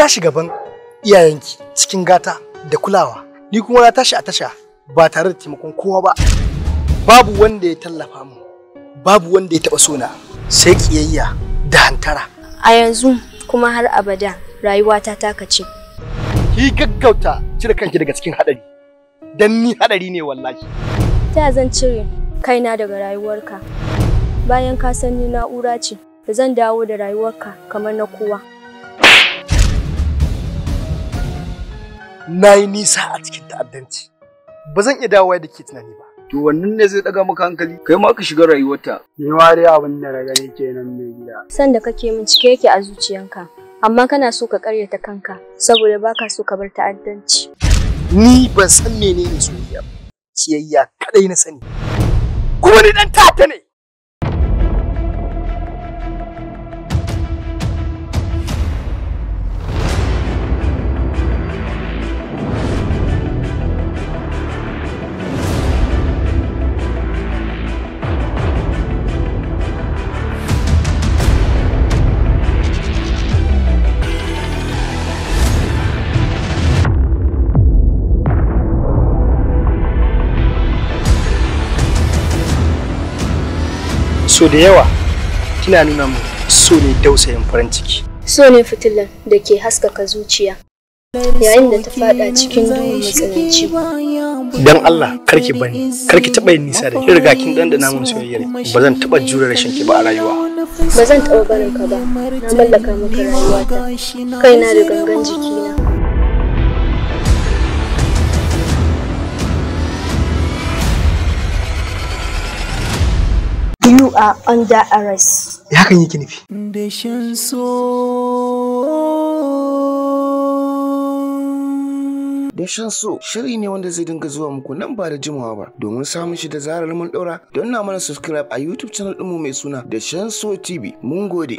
tashi gaban iyayenki cikin gata da kulawa ni kuma na tashi a tasha ba tare da taimakon kowa ba babu wanda ya tallafa mu babu wanda ya taba sona sai kiyayya da hantara a yanzu kuma har abada rayuwata ta kace ki gaggauta cire kanki daga cikin hadari dan ni hadari ne wallahi ta zan cire kaina daga rayuwarka bayan ka san ni na'ura ce da zan dawo da rayuwarka kamar na kowa na yi nisa a cikin ta'addanci ba zan iya dawowa da ke tunani ba to wannan ne zai daga maka hankali kai ma ka shiga rayuwarta ni ma dai abin da na gani kenan mai gida san da kake min cike yake a zuciyanka amma kana so ka karyata kanka saboda baka so ka bar ta'addanci ni ban san menene soyayya ba ciyayya kadai na sani kuma ni dan tata ne so da yawa kina nuna mu so ne dausayin farin ciki so ne fitilan da ke haskaka zuciya yayin da ta fada cikin duhu matsananci dan Allah karki bani karki taba yin nisa da ki riga kin da namun soyayyar ba zan taba jure rashin ki ba a rayuwa ba zan taba barin ka ba na mallaka maka rayuwata na da gangan jikina You are under arrest. Hakan yake nufi. shan so. shan so shiri ne wanda zai dinga zuwa muku nan ba da jimawa ba domin samun shi da zarar mun daura don na mana subscribe a YouTube channel ɗinmu mai suna shan so TV. Mun gode.